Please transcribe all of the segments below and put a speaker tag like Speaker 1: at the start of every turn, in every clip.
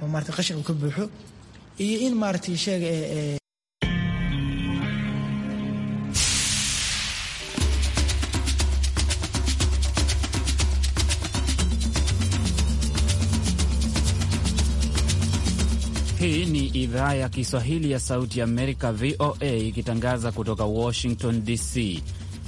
Speaker 1: oo maarata qashin uu ka buuxo iyo in maarata sheega ee, ee
Speaker 2: Hii ni idhaa ya Kiswahili ya Sauti ya Amerika, VOA, ikitangaza kutoka Washington DC.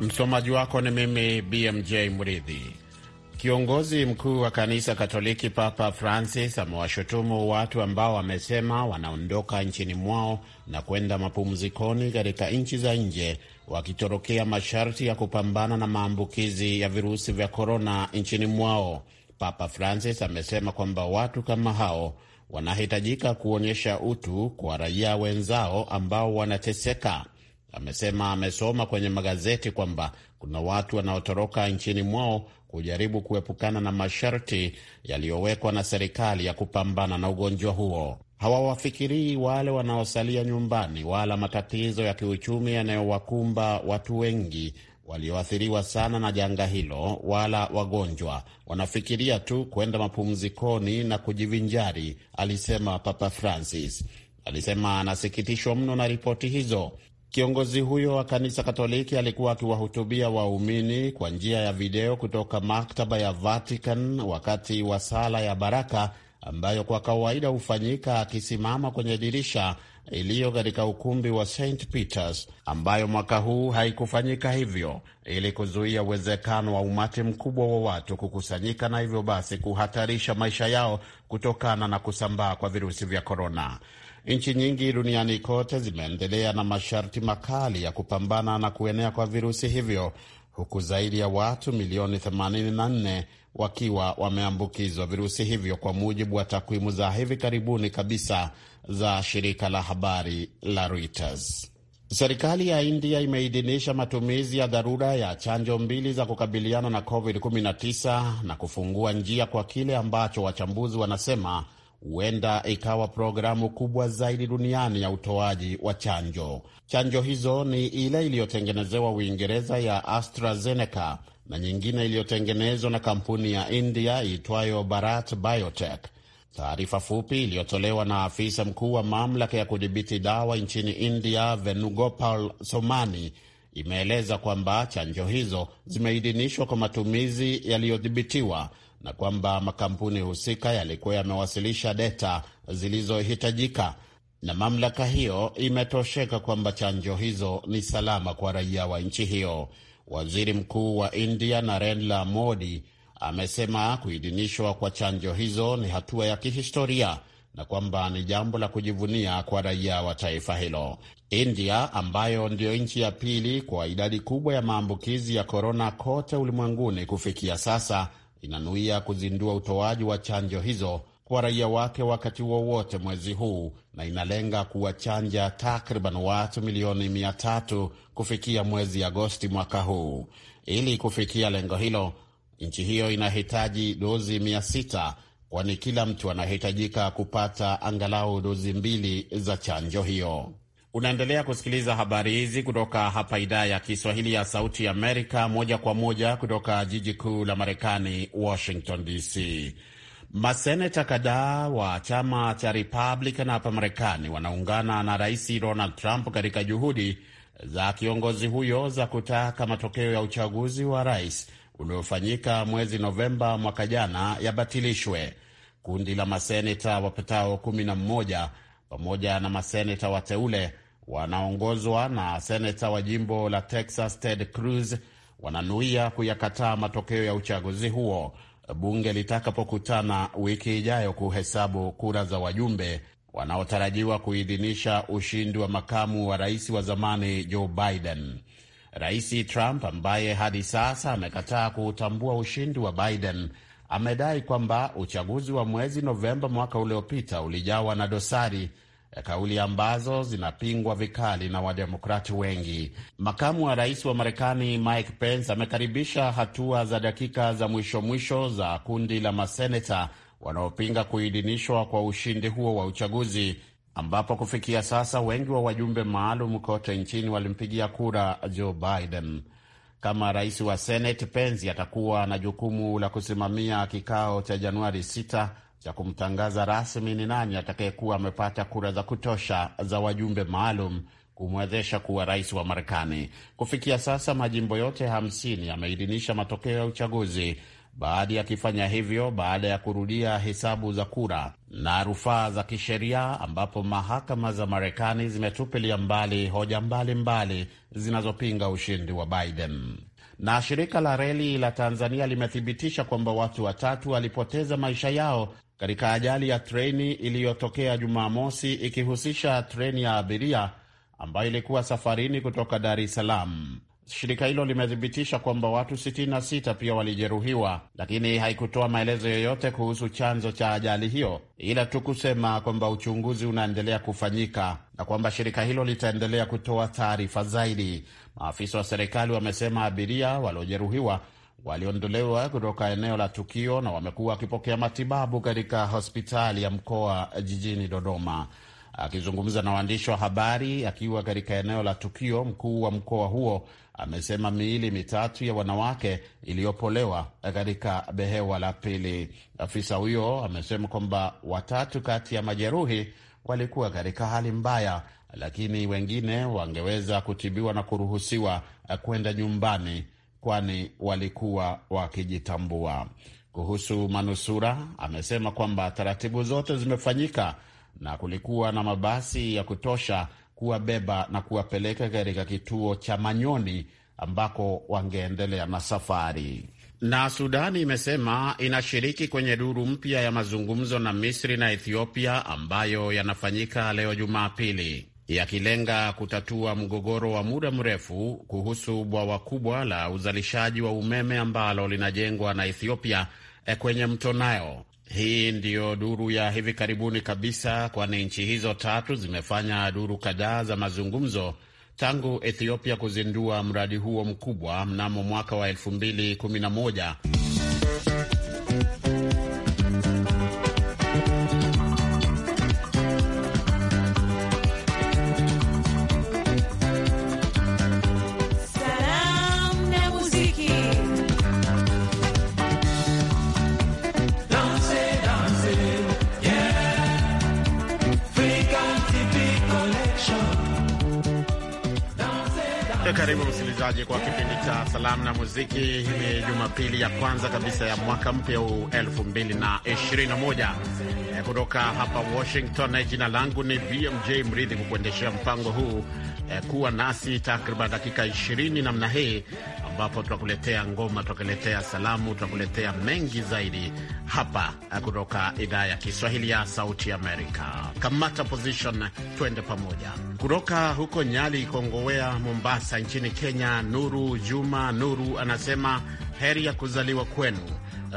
Speaker 3: Msomaji wako ni mimi BMJ Mridhi. Kiongozi mkuu wa kanisa Katoliki Papa Francis amewashutumu watu ambao wamesema wanaondoka nchini mwao na kwenda mapumzikoni katika nchi za nje wakitorokea masharti ya kupambana na maambukizi ya virusi vya korona nchini mwao. Papa Francis amesema kwamba watu kama hao wanahitajika kuonyesha utu kwa raia wenzao ambao wanateseka amesema amesoma kwenye magazeti kwamba kuna watu wanaotoroka nchini mwao kujaribu kuepukana na masharti yaliyowekwa na serikali ya kupambana na ugonjwa huo. Hawawafikirii wale wanaosalia nyumbani wala matatizo ya kiuchumi yanayowakumba watu wengi walioathiriwa sana na janga hilo, wala wagonjwa. Wanafikiria tu kwenda mapumzikoni na kujivinjari, alisema Papa Francis. Alisema anasikitishwa mno na ripoti hizo Kiongozi huyo wa kanisa Katoliki alikuwa akiwahutubia waumini kwa njia ya video kutoka maktaba ya Vatican wakati wa sala ya baraka ambayo kwa kawaida hufanyika akisimama kwenye dirisha iliyo katika ukumbi wa St Peters, ambayo mwaka huu haikufanyika hivyo ili kuzuia uwezekano wa umati mkubwa wa watu kukusanyika na hivyo basi kuhatarisha maisha yao kutokana na kusambaa kwa virusi vya korona. Nchi nyingi duniani kote zimeendelea na masharti makali ya kupambana na kuenea kwa virusi hivyo huku zaidi ya watu milioni 84 wakiwa wameambukizwa virusi hivyo kwa mujibu wa takwimu za hivi karibuni kabisa za shirika la habari la Reuters. Serikali ya India imeidhinisha matumizi ya dharura ya chanjo mbili za kukabiliana na COVID-19 na kufungua njia kwa kile ambacho wachambuzi wanasema huenda ikawa programu kubwa zaidi duniani ya utoaji wa chanjo. Chanjo hizo ni ile iliyotengenezewa Uingereza ya AstraZeneca na nyingine iliyotengenezwa na kampuni ya India iitwayo Bharat Biotech. Taarifa fupi iliyotolewa na afisa mkuu wa mamlaka ya kudhibiti dawa nchini India, Venugopal Somani, imeeleza kwamba chanjo hizo zimeidhinishwa kwa matumizi yaliyodhibitiwa na kwamba makampuni husika yalikuwa yamewasilisha deta zilizohitajika na mamlaka hiyo imetosheka kwamba chanjo hizo ni salama kwa raia wa nchi hiyo. Waziri Mkuu wa India Narendra Modi amesema kuidhinishwa kwa chanjo hizo ni hatua ya kihistoria na kwamba ni jambo la kujivunia kwa raia wa taifa hilo. India ambayo ndiyo nchi ya pili kwa idadi kubwa ya maambukizi ya korona kote ulimwenguni kufikia sasa inanuia kuzindua utoaji wa chanjo hizo kwa raia wake wakati wowote wa mwezi huu na inalenga kuwachanja takriban watu milioni mia tatu kufikia mwezi Agosti mwaka huu. Ili kufikia lengo hilo, nchi hiyo inahitaji dozi mia sita kwani kila mtu anahitajika kupata angalau dozi mbili za chanjo hiyo. Unaendelea kusikiliza habari hizi kutoka hapa idhaa ya Kiswahili ya Sauti Amerika, moja kwa moja kutoka jiji kuu la Marekani, Washington DC. Maseneta kadhaa wa chama cha Republican hapa Marekani wanaungana na Rais Donald Trump katika juhudi za kiongozi huyo za kutaka matokeo ya uchaguzi wa rais uliofanyika mwezi Novemba mwaka jana yabatilishwe. Kundi la maseneta wapatao 11 pamoja na maseneta wateule wanaongozwa na seneta wa jimbo la Texas Ted Cruz wananuia kuyakataa matokeo ya uchaguzi huo bunge litakapokutana wiki ijayo kuhesabu kura za wajumbe wanaotarajiwa kuidhinisha ushindi wa makamu wa rais wa zamani Joe Biden. Rais Trump ambaye hadi sasa amekataa kuutambua ushindi wa Biden amedai kwamba uchaguzi wa mwezi Novemba mwaka uliopita ulijawa na dosari Eh, kauli ambazo zinapingwa vikali na wademokrati wengi. Makamu wa rais wa Marekani Mike Pence amekaribisha hatua za dakika za mwisho mwisho za kundi la maseneta wanaopinga kuidhinishwa kwa ushindi huo wa uchaguzi, ambapo kufikia sasa wengi wa wajumbe maalum kote nchini walimpigia kura Joe Biden. Kama rais wa Senate, Pence atakuwa na jukumu la kusimamia kikao cha Januari 6 cha kumtangaza rasmi ni nani atakayekuwa amepata kura za kutosha za wajumbe maalum kumwezesha kuwa rais wa Marekani. Kufikia sasa majimbo yote hamsini yameidhinisha matokeo ya uchaguzi, baadhi yakifanya hivyo baada ya kurudia hesabu za kura na rufaa za kisheria, ambapo mahakama za Marekani zimetupilia mbali hoja mbalimbali zinazopinga ushindi wa Biden. Na shirika la reli la Tanzania limethibitisha kwamba watu watatu walipoteza maisha yao katika ajali ya treni iliyotokea Jumamosi ikihusisha treni ya abiria ambayo ilikuwa safarini kutoka Dar es Salaam. Shirika hilo limethibitisha kwamba watu 66 pia walijeruhiwa, lakini haikutoa maelezo yoyote kuhusu chanzo cha ajali hiyo, ila tu kusema kwamba uchunguzi unaendelea kufanyika na kwamba shirika hilo litaendelea kutoa taarifa zaidi. Maafisa wa serikali wamesema abiria waliojeruhiwa waliondolewa kutoka eneo la tukio na wamekuwa wakipokea matibabu katika hospitali ya mkoa jijini Dodoma. Akizungumza na waandishi wa habari akiwa katika eneo la tukio, mkuu wa mkoa huo amesema miili mitatu ya wanawake iliyopolewa katika behewa la pili. Afisa huyo amesema kwamba watatu kati ya majeruhi walikuwa katika hali mbaya, lakini wengine wangeweza kutibiwa na kuruhusiwa kwenda nyumbani kwani walikuwa wakijitambua. Kuhusu manusura, amesema kwamba taratibu zote zimefanyika na kulikuwa na mabasi ya kutosha kuwabeba na kuwapeleka katika kituo cha Manyoni ambako wangeendelea na safari. Na Sudani imesema inashiriki kwenye duru mpya ya mazungumzo na Misri na Ethiopia ambayo yanafanyika leo Jumapili yakilenga kutatua mgogoro wa muda mrefu kuhusu bwawa kubwa la uzalishaji wa umeme ambalo linajengwa na Ethiopia eh, kwenye mto Nile. Hii ndiyo duru ya hivi karibuni kabisa, kwani nchi hizo tatu zimefanya duru kadhaa za mazungumzo tangu Ethiopia kuzindua mradi huo mkubwa mnamo mwaka wa 2011. Karibu msikilizaji kwa kipindi cha salamu na muziki. ni Jumapili ya kwanza kabisa ya mwaka mpya huu elfu kutoka hapa Washington. Jina langu ni BMJ Mridhi kukuendeshea mpango huu eh, kuwa nasi takriban dakika ishirini namna hii, ambapo tutakuletea ngoma, tutakuletea salamu, tutakuletea mengi zaidi hapa eh, kutoka idhaa ya Kiswahili ya Sauti Amerika. Kamata position, twende pamoja. Kutoka huko Nyali Kongowea, Mombasa nchini Kenya, Nuru Juma Nuru anasema heri ya kuzaliwa kwenu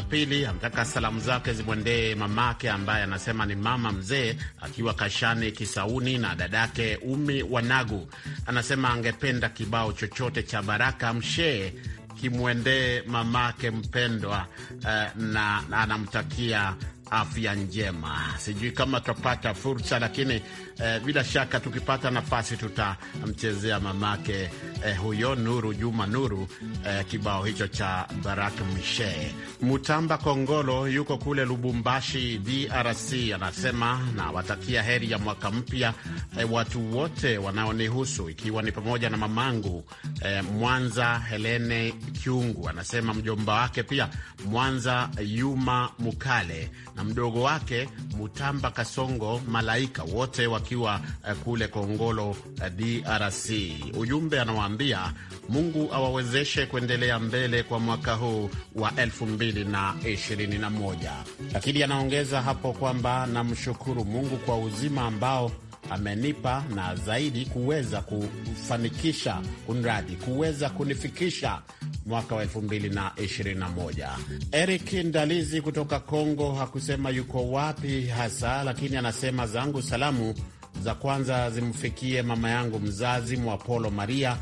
Speaker 3: Pili anataka salamu zake zimwendee mamake ambaye anasema ni mama mzee akiwa kashani Kisauni na dadake Umi Wanagu. Anasema angependa kibao chochote cha Baraka Mshee kimwendee mamake mpendwa, uh, na anamtakia afya njema. Sijui kama tutapata fursa, lakini eh, bila shaka tukipata nafasi tutamchezea mamake eh, huyo Nuru Juma Nuru eh, kibao hicho cha Barak Mishe. Mutamba Kongolo yuko kule Lubumbashi, DRC, anasema nawatakia heri ya mwaka mpya eh, watu wote wanaonihusu ikiwa ni pamoja na mamangu eh, Mwanza Helene kyungu anasema mjomba wake pia Mwanza Yuma Mukale na mdogo wake Mutamba Kasongo Malaika, wote wakiwa eh, kule Kongolo, eh, DRC. Ujumbe anawaambia Mungu awawezeshe kuendelea mbele kwa mwaka huu wa 2021, lakini anaongeza hapo kwamba namshukuru Mungu kwa uzima ambao amenipa na zaidi kuweza kufanikisha, kunradi kuweza kunifikisha mwaka wa 2021. Eric Ndalizi kutoka congo hakusema yuko wapi hasa, lakini anasema zangu salamu za kwanza zimfikie mama yangu mzazi Mwapolo Maria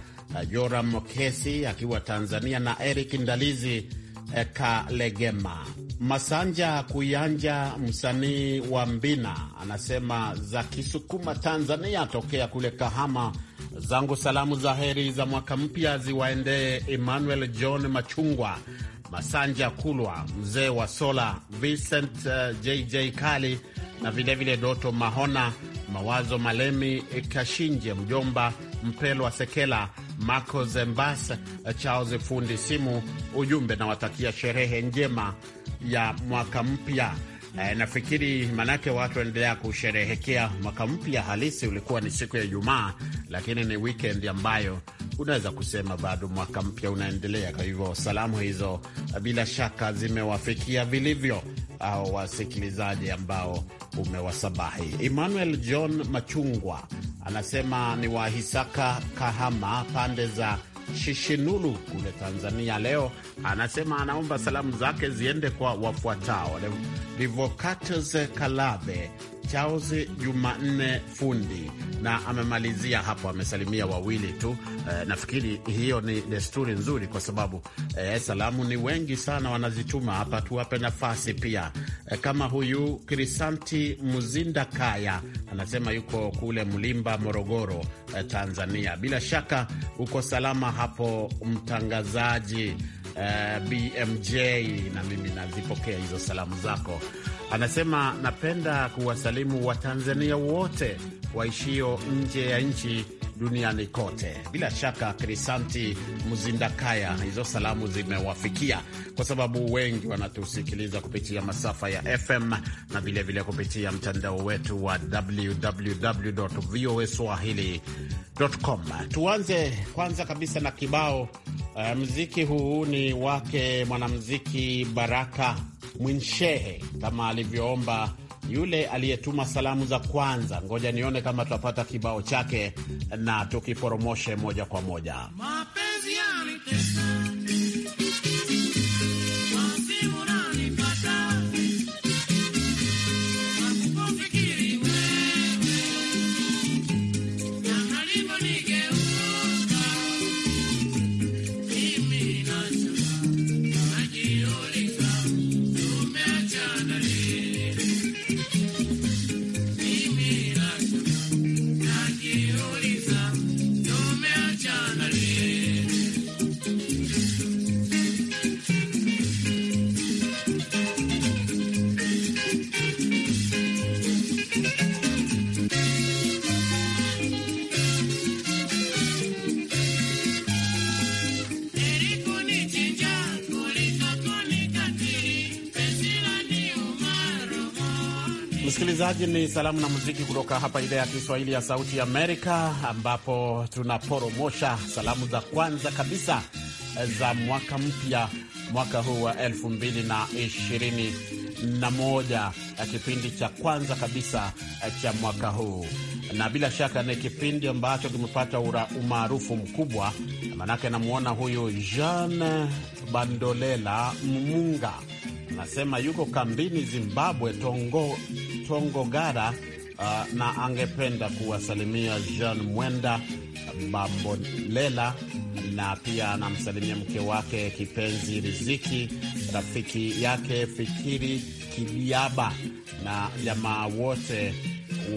Speaker 3: Joram Kesi akiwa Tanzania na Eric Ndalizi Kalegema. Masanja Kuyanja, msanii wa Mbina, anasema za Kisukuma Tanzania, tokea kule Kahama. Zangu salamu za heri za mwaka mpya ziwaendee Emmanuel John Machungwa, Masanja Kulwa, mzee wa Sola, Vincent JJ uh, Kali na vilevile vile Doto Mahona, Mawazo Malemi, Kashinje, mjomba Mpelwa Sekela Marco Zembas Charles fundi simu ujumbe, nawatakia sherehe njema ya mwaka mpya. E, nafikiri maanake watu waendelea kusherehekea mwaka mpya halisi. Ulikuwa ni siku ya Ijumaa, lakini ni wikendi ambayo unaweza kusema bado mwaka mpya unaendelea. Kwa hivyo salamu hizo bila shaka zimewafikia vilivyo au wasikilizaji ambao umewasabahi. Emmanuel John Machungwa anasema ni wahisaka Kahama, pande za Shishinulu kule Tanzania. Leo anasema anaomba salamu zake ziende kwa wafuatao: Revocatus Kalabe Charles Jumanne Fundi, na amemalizia hapo, amesalimia wawili tu. E, nafikiri hiyo ni desturi nzuri, kwa sababu e, salamu ni wengi sana wanazituma hapa, tuwape nafasi pia e, kama huyu Krisanti Muzinda Kaya anasema yuko kule Mlimba, Morogoro, e, Tanzania. Bila shaka uko salama hapo mtangazaji. Eh, BMJ na mimi nazipokea hizo salamu zako. Anasema napenda kuwasalimu Watanzania wote waishio nje ya nchi duniani kote. Bila shaka, Krisanti Mzindakaya, hizo salamu zimewafikia kwa sababu wengi wanatusikiliza kupitia masafa ya FM na vilevile vile kupitia mtandao wetu wa www voa swahili com. Tuanze kwanza kabisa na kibao uh, mziki huu ni wake mwanamziki Baraka Mwinshehe kama alivyoomba yule aliyetuma salamu za kwanza. Ngoja nione kama tutapata kibao chake na tukiporomoshe moja kwa moja
Speaker 4: Mapenzi
Speaker 3: msikilizaji, ni salamu na muziki kutoka hapa idhaa ya Kiswahili ya Sauti ya Amerika, ambapo tunaporomosha salamu za kwanza kabisa za mwaka mpya, mwaka huu wa elfu na eh, kipindi cha kwanza kabisa eh, cha mwaka huu, na bila shaka ni kipindi ambacho kimepata umaarufu mkubwa, maanake namwona huyu Jean Bandolela Mmunga anasema yuko kambini Zimbabwe, Tongo, Tongogara, uh, na angependa kuwasalimia Jean Mwenda bambolela na pia anamsalimia mke wake kipenzi Riziki, rafiki yake Fikiri Kiliaba na jamaa wote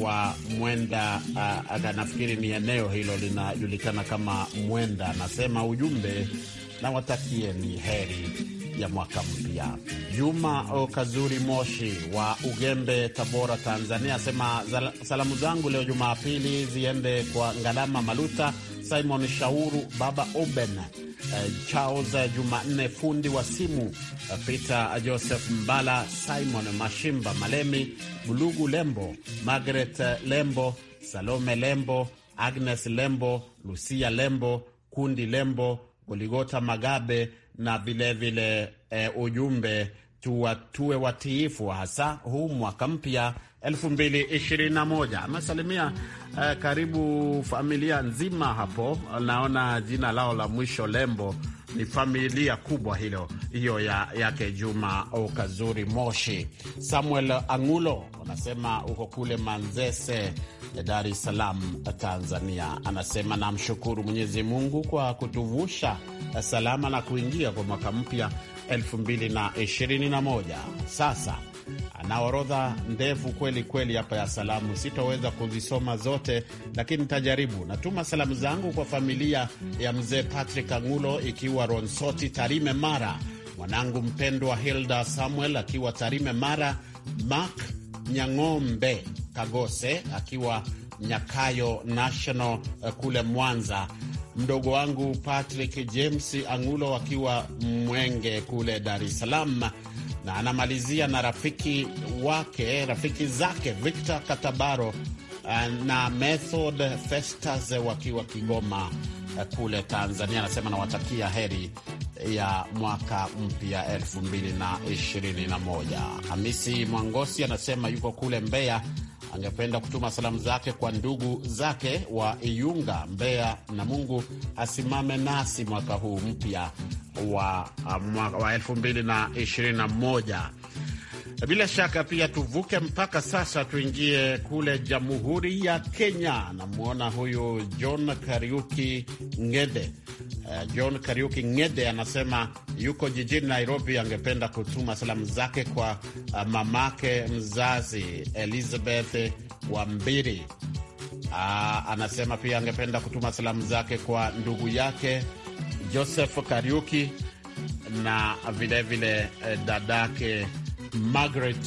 Speaker 3: wa Mwenda. Uh, nafikiri ni eneo hilo linajulikana kama Mwenda. Anasema ujumbe, nawatakieni heri ya mwaka mpya. Juma Okazuri Moshi wa Ugembe, Tabora, Tanzania asema salamu zangu leo Jumapili ziende kwa Ngalama Maluta, Simon Shauru, Baba Oben, eh, Charles Jumanne fundi wa simu, eh, Peter Joseph Mbala, Simon Mashimba Malemi, Bulugu Lembo, Margaret Lembo, Salome Lembo, Agnes Lembo, Lucia Lembo, Kundi Lembo, Goligota Magabe na vilevile vile, e, ujumbe tuwatue watiifu hasa huu mwaka mpya 2021. Amesalimia eh, karibu familia nzima hapo. Naona jina lao la mwisho Lembo ni familia kubwa hilo hiyo ya yake Juma Okazuri Moshi. Samuel Angulo anasema uko kule Manzese ya Dar es Salaam, Tanzania, anasema namshukuru Mwenyezi Mungu kwa kutuvusha salama na kuingia kwa mwaka mpya 2021. Sasa ana orodha ndefu kweli kweli hapa ya salamu, sitoweza kuzisoma zote, lakini nitajaribu. Natuma salamu zangu kwa familia ya mzee Patrick Angulo ikiwa Ronsoti, Tarime, Mara, mwanangu mpendwa Hilda Samuel akiwa Tarime, Mara, Mark Nyang'ombe Kagose akiwa Nyakayo National eh, kule Mwanza, mdogo wangu Patrick James Angulo akiwa Mwenge kule Dar es Salaam, na anamalizia na rafiki wake rafiki zake Victor Katabaro eh, na Method Festas eh, wakiwa Kigoma kule Tanzania. Anasema nawatakia heri ya mwaka mpya 2021. Hamisi Mwangosi anasema yuko kule Mbeya angependa kutuma salamu zake kwa ndugu zake wa Iyunga, Mbeya, na Mungu asimame nasi mwaka huu mpya wa, wa elfu mbili na ishirini na moja. Bila shaka pia tuvuke mpaka sasa, tuingie kule Jamhuri ya Kenya. Namwona huyu John Kariuki Ngede. Eh, John Kariuki Ngede anasema yuko jijini Nairobi, angependa kutuma salamu zake kwa eh, mamake mzazi Elizabeth Wambiri. Uh, anasema pia angependa kutuma salamu zake kwa ndugu yake Joseph Kariuki na vilevile vile, uh, dadake Margaret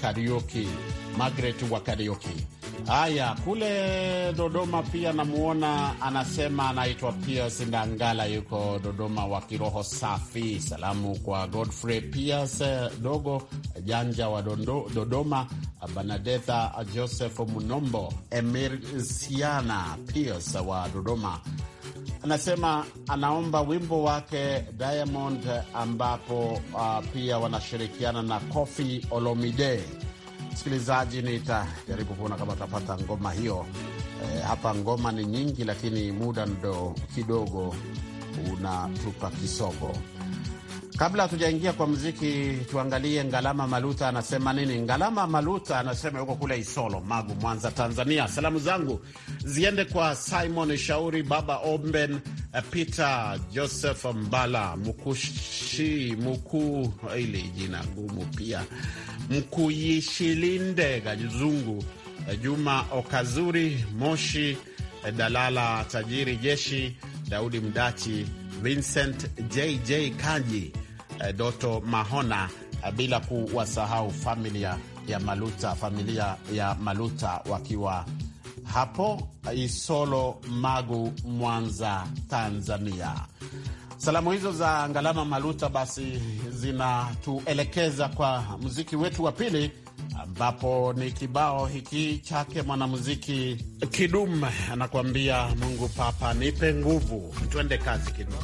Speaker 3: Karioki, Margaret wa Karioki. Haya, kule Dodoma pia namuona, anasema anaitwa Piers Ndangala, yuko Dodoma wa kiroho safi. Salamu kwa Godfrey Piers dogo janja wa Dondo, Dodoma, Banadetha Joseph Munombo, Emir Siana Piers wa Dodoma anasema anaomba wimbo wake Diamond ambapo uh, pia wanashirikiana na Kofi Olomide. Msikilizaji, nitajaribu kuona kama utapata ngoma hiyo. E, hapa ngoma ni nyingi, lakini muda ndo kidogo unatupa kisogo. Kabla hatujaingia kwa muziki, tuangalie Ngalama Maluta anasema nini. Ngalama Maluta anasema yuko kule Isolo, Magu, Mwanza, Tanzania. Salamu zangu ziende kwa Simon Shauri, Baba Omben, eh, Peter Joseph Mbala, Mkushi Mkuu, ili jina gumu pia, Mkuyishilinde Gazungu, eh, Juma Okazuri, Moshi eh, Dalala, Tajiri Jeshi, Daudi Mdachi, Vincent JJ Kaji Eh, Doto Mahona, eh, bila kuwasahau familia ya Maluta, familia ya Maluta wakiwa hapo eh, Isolo, Magu, Mwanza, Tanzania. Salamu hizo za Ngalama Maluta basi zinatuelekeza kwa muziki wetu wa pili ambapo ni kibao hiki chake mwanamuziki Kidum anakuambia Mungu Papa nipe nguvu. Twende kazi Kidum.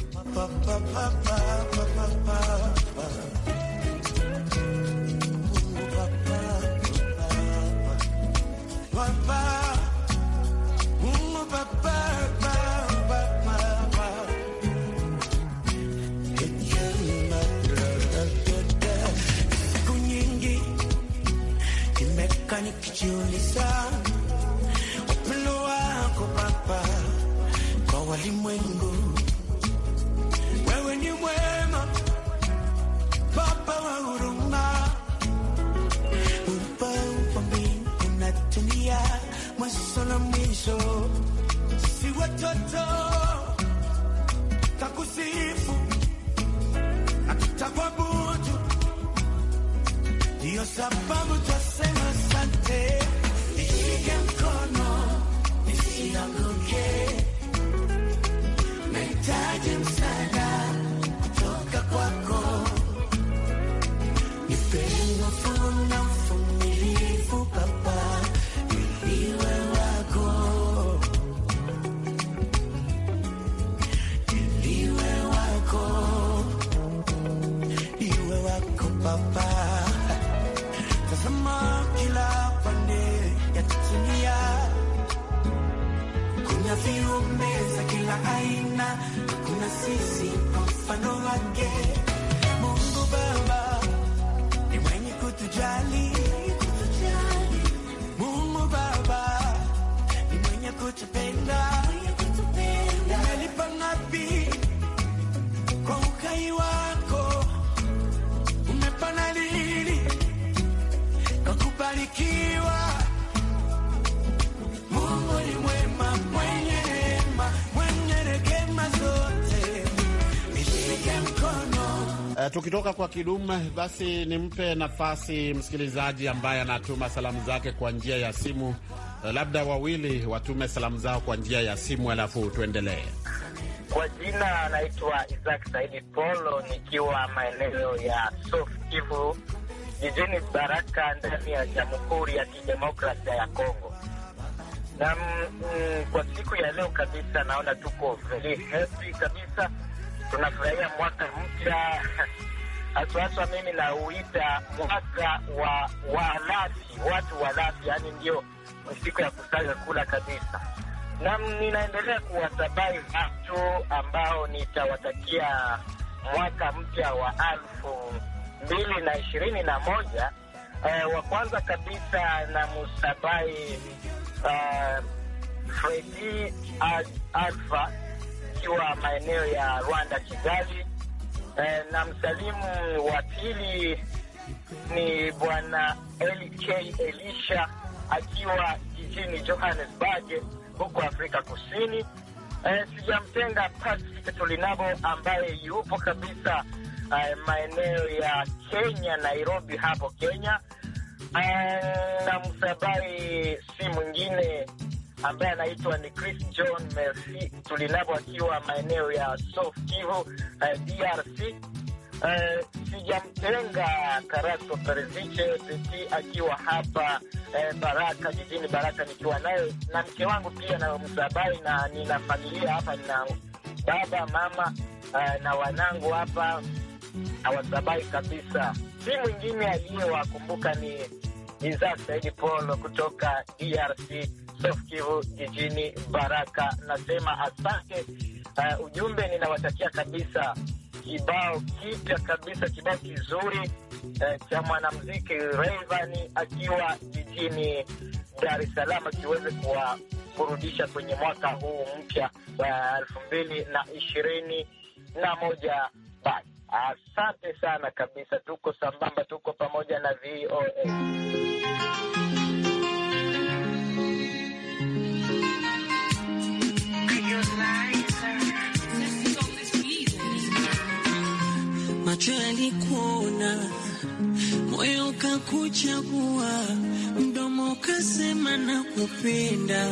Speaker 1: kabisa upendo wako Baba kwa walimwengu. Wewe ni mwema Baba wa huruma, upaupami unatunia mwanzo na mwisho, si watoto takusifu na tutakuabudu, ndiyo sababu twase mfano wake. Mungu Baba ni mwenye kutujali
Speaker 3: Uh, tukitoka kwa kidume basi nimpe nafasi msikilizaji ambaye anatuma salamu zake kwa njia ya simu. Uh, labda wawili watume salamu zao kwa njia ya simu alafu tuendelee.
Speaker 5: Kwa jina anaitwa Isaac Saidi Polo, nikiwa maeneo ya South Kivu jijini Baraka ndani ya Jamhuri ya Kidemokrasia ya Kongo. Na mm, mm kwa siku ya leo kabisa naona tuko very happy kabisa tunafurahia mwaka mpya haswahaswa, mimi nauita mwaka wa walafi, watu walafi, yaani ndio siku ya kusaga kula kabisa. Na ninaendelea kuwasabai watu ambao nitawatakia mwaka mpya wa elfu mbili na ishirini na moja. Uh, wa kwanza kabisa na musabai uh, eh, Fredi Alfa nikiwa maeneo ya Rwanda, Kigali. E, na msalimu wa pili ni bwana LK Elisha akiwa jijini Johannesburg huko Afrika Kusini. E, eh, sijamtenga Patrick Tulinabo ambaye yupo kabisa e, maeneo ya Kenya, Nairobi hapo Kenya. E, na msabai si mwingine ambaye anaitwa ni Chris John Merci Tulinabo akiwa maeneo ya South Kivu, uh, eh, DRC. Uh, eh, sijamtenga Karasto Perezice Beti akiwa hapa uh, Baraka jijini Baraka, nikiwa naye na mke wangu pia na msabai, na nina familia hapa, nina baba mama uh, na wanangu hapa hawasabai kabisa. Si mwingine aliyewakumbuka ni Isaac Saidi Polo kutoka DRC. Sef Kivu jijini Baraka. Nasema asante. Uh, ujumbe ninawatakia kabisa kibao kipya kabisa, kibao kizuri uh, cha mwanamuziki Rayvanny akiwa jijini Dar es Salaam akiweze kuwaburudisha kwenye mwaka huu mpya wa elfu mbili na ishirini na moja. Basi asante sana kabisa, tuko sambamba, tuko pamoja na VOA.
Speaker 1: Macho yalikuona, moyo kakuchagua, mdomo kasema na kupenda.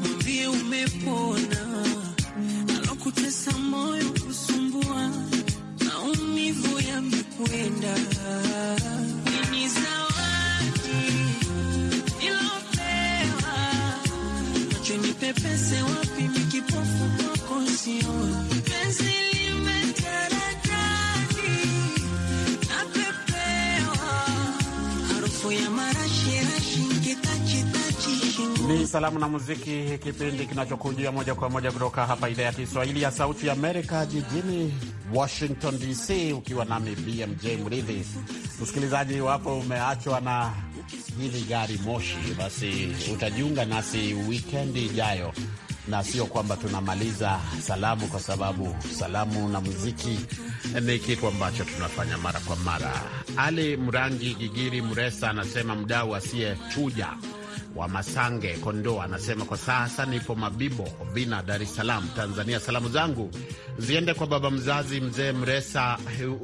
Speaker 1: Mwambie umepona, alokutesa moyo kusumbua, maumivu yamekwenda
Speaker 3: Ni salamu na muziki, kipindi kinachokujia moja kwa moja kutoka hapa idhaa ya Kiswahili ya Sauti ya Amerika jijini Washington DC, ukiwa nami BMJ Mridhi. Msikilizaji, iwapo umeachwa na hili gari moshi, basi utajiunga nasi wikendi ijayo, na sio kwamba tunamaliza salamu, kwa sababu salamu na muziki ni kitu ambacho tunafanya mara kwa mara. Ali Mrangi Gigiri Mresa anasema mdau asiyechuja wa Masange Kondoa anasema kwa sasa nipo Mabibo Bina, Dar es Salaam, Tanzania. Salamu zangu ziende kwa baba mzazi mzee Mresa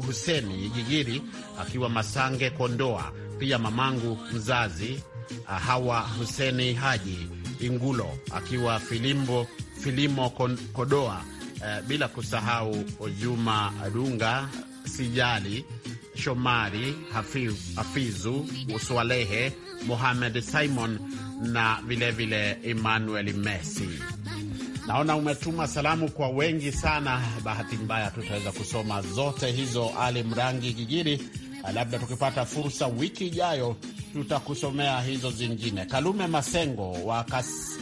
Speaker 3: Huseni jigiri akiwa Masange Kondoa, pia mamangu mzazi uh, Hawa Huseni Haji Ingulo akiwa Filimbo, Filimo Kodoa, uh, bila kusahau Juma Dunga Sijali Shomari Hafizu, uswalehe Mohamed Simon na vilevile vile Emmanuel Messi. Naona umetuma salamu kwa wengi sana, bahati mbaya tutaweza kusoma zote hizo, Ali Mrangi Kigiri Ah, labda tukipata fursa wiki ijayo tutakusomea hizo zingine. Kalume Masengo wa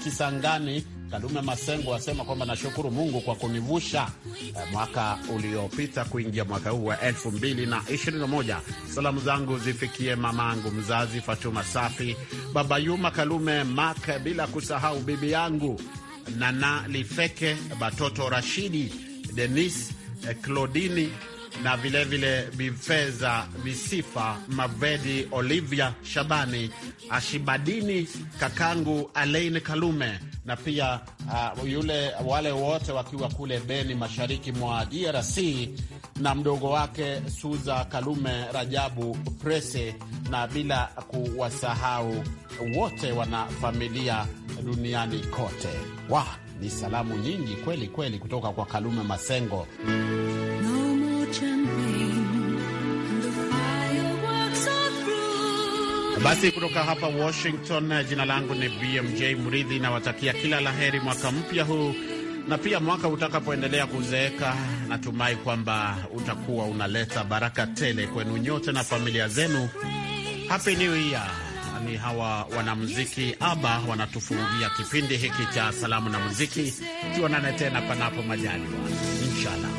Speaker 3: Kisangani, Kalume Masengo asema kwamba nashukuru Mungu kwa kunivusha eh, mwaka uliopita kuingia mwaka huu wa 221 Salamu zangu zifikie mamangu mzazi Fatuma Safi, baba Yuma Kalume Mak, bila kusahau bibi yangu Nana Lifeke, Batoto Rashidi, Denis eh, Claudini na vilevile Bifeza Bisifa Mavedi, Olivia Shabani, Ashibadini, kakangu Alain Kalume na pia uh, yule wale wote wakiwa kule Beni, mashariki mwa DRC na mdogo wake Suza Kalume Rajabu Prese, na bila kuwasahau wote wana familia duniani kote. Wa wow, ni salamu nyingi kweli kweli kutoka kwa Kalume Masengo. Basi kutoka hapa Washington, jina langu ni BMJ Mridhi, nawatakia kila laheri mwaka mpya huu na pia mwaka utakapoendelea kuzeeka, natumai kwamba utakuwa unaleta baraka tele kwenu nyote na familia zenu. Happy New Year! Ni hawa wanamuziki ABBA wanatufungia kipindi hiki cha salamu na muziki. Tuonane tena panapo majaliwa, inshallah.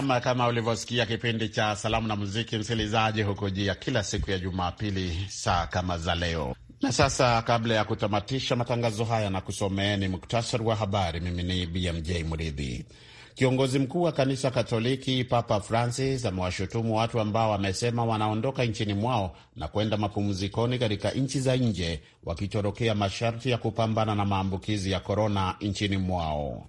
Speaker 3: Nam, kama ulivyosikia kipindi cha salamu na muziki, msikilizaji, hukujia kila siku ya Jumapili saa kama za leo. Na sasa kabla ya kutamatisha matangazo haya na kusomeeni muktasari wa habari, mimi ni BMJ Mridhi. Kiongozi mkuu wa kanisa Katoliki Papa Francis amewashutumu watu ambao wamesema wanaondoka nchini mwao na kwenda mapumzikoni katika nchi za nje wakitorokea masharti ya kupambana na maambukizi ya korona nchini mwao.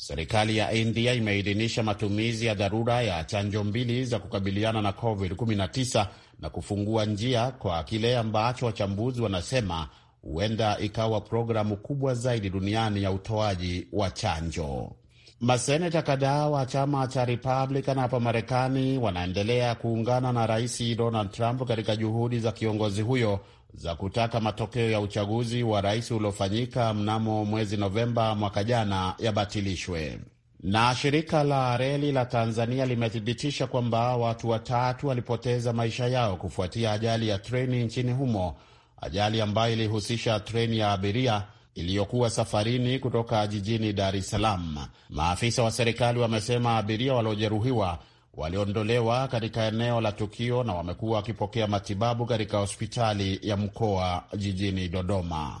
Speaker 3: Serikali ya India imeidhinisha matumizi ya dharura ya chanjo mbili za kukabiliana na COVID-19 na kufungua njia kwa kile ambacho wachambuzi wanasema huenda ikawa programu kubwa zaidi duniani ya utoaji wa chanjo. Maseneta kadhaa wa chama cha Republican hapa Marekani wanaendelea kuungana na Rais Donald Trump katika juhudi za kiongozi huyo za kutaka matokeo ya uchaguzi wa rais uliofanyika mnamo mwezi Novemba mwaka jana yabatilishwe. Na shirika la reli la Tanzania limethibitisha kwamba watu watatu walipoteza maisha yao kufuatia ajali ya treni nchini humo, ajali ambayo ilihusisha treni ya abiria iliyokuwa safarini kutoka jijini Dar es Salaam. Maafisa wa serikali wamesema abiria waliojeruhiwa waliondolewa katika eneo la tukio na wamekuwa wakipokea matibabu katika hospitali ya mkoa jijini Dodoma.